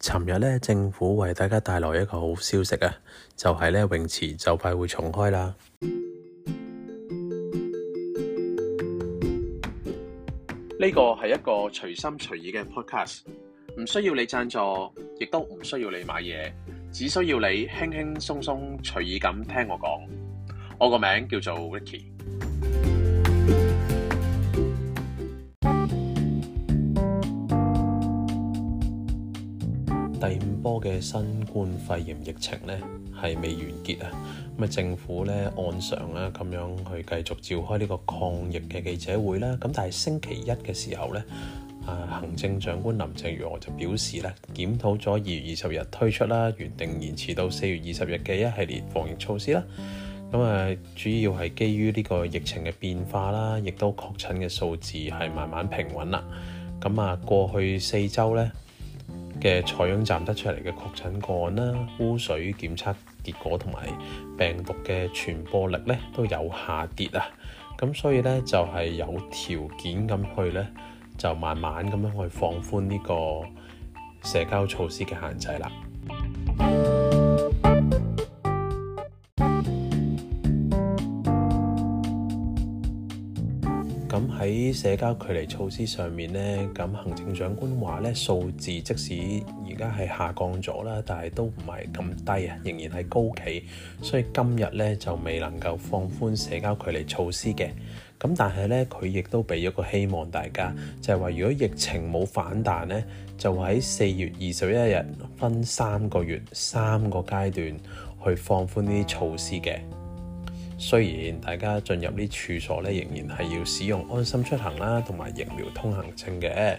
尋日咧，政府為大家帶來一個好消息啊，就係咧，泳池就快會重開啦。呢個係一個隨心隨意嘅 podcast，唔需要你贊助，亦都唔需要你買嘢，只需要你輕輕鬆鬆隨意咁聽我講。我個名叫做 Ricky。第五波嘅新冠肺炎疫情咧，係未完結啊！咁啊，政府咧按常啊咁樣去繼續召開呢個抗疫嘅記者會啦。咁但係星期一嘅時候咧，啊行政長官林鄭月娥就表示咧，檢討咗二月二十日推出啦，原定延遲到四月二十日嘅一系列防疫措施啦。咁啊，主要係基於呢個疫情嘅變化啦，亦都確診嘅數字係慢慢平穩啦。咁啊，過去四周咧，嘅採樣站得出嚟嘅確診個案啦、污水檢測結果同埋病毒嘅傳播力咧都有下跌啊，咁所以咧就係有條件咁去咧，就慢慢咁樣去放寬呢個社交措施嘅限制啦。咁喺社交距離措施上面呢，咁行政長官話咧，數字即使而家係下降咗啦，但係都唔係咁低啊，仍然係高企，所以今日咧就未能夠放寬社交距離措施嘅。咁但係咧，佢亦都俾咗個希望大家，就係話如果疫情冇反彈咧，就喺四月二十一日分三個月三個階段去放寬呢啲措施嘅。雖然大家進入啲處所咧，仍然係要使用安心出行啦，同埋疫苗通行證嘅。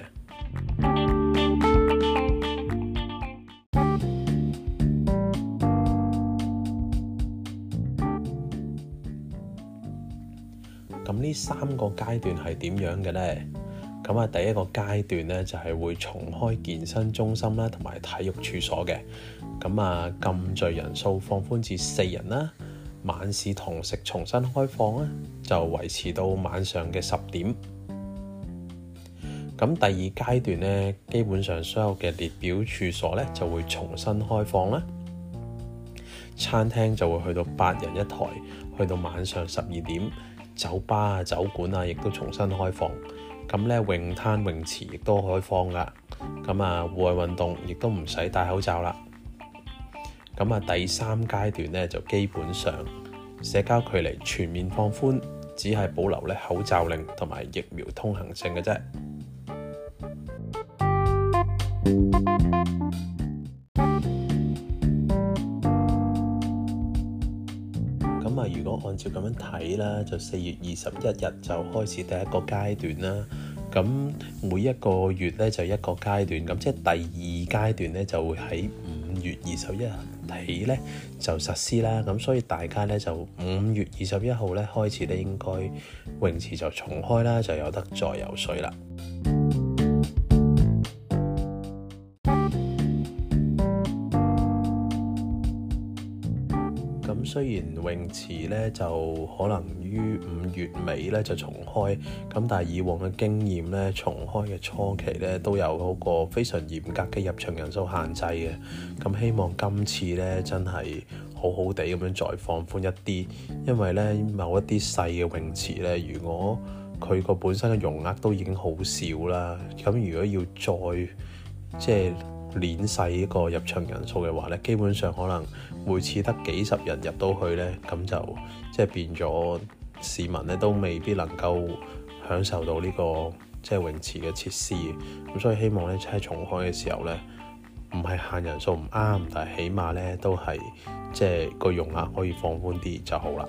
咁呢三個階段係點樣嘅咧？咁啊，第一個階段咧就係會重開健身中心啦，同埋體育處所嘅。咁啊，禁聚人數放寬至四人啦。晚市堂食重新開放呢就維持到晚上嘅十點。咁第二階段呢，基本上所有嘅表列處所呢就會重新開放啦。餐廳就會去到八人一枱，去到晚上十二點。酒吧啊、酒館啊，亦都重新開放。咁呢泳灘泳池亦都開放㗎。咁啊，戶外運動亦都唔使戴口罩啦。咁啊，第三階段咧就基本上社交距離全面放寬，只係保留咧口罩令同埋疫苗通行證嘅啫。咁啊，如果按照咁樣睇啦，就四月二十一日就開始第一個階段啦。咁每一個月咧就一個階段，咁即係第二階段咧就會喺五月二十一日起咧就實施啦，咁所以大家咧就五月二十一號咧開始咧應該泳池就重開啦，就有得再游水啦。雖然泳池咧就可能於五月尾咧就重開，咁但係以往嘅經驗咧，重開嘅初期咧都有嗰個非常嚴格嘅入場人數限制嘅。咁希望今次咧真係好好地咁樣再放寬一啲，因為咧某一啲細嘅泳池咧，如果佢個本身嘅容額都已經好少啦，咁如果要再即係，攣細個入場人數嘅話呢，基本上可能每次得幾十人入到去呢，咁就即係變咗市民呢都未必能夠享受到呢個即係泳池嘅設施。咁所以希望呢，即係重開嘅時候呢，唔係限人數唔啱，但係起碼呢都係即係個容量可以放寬啲就好啦。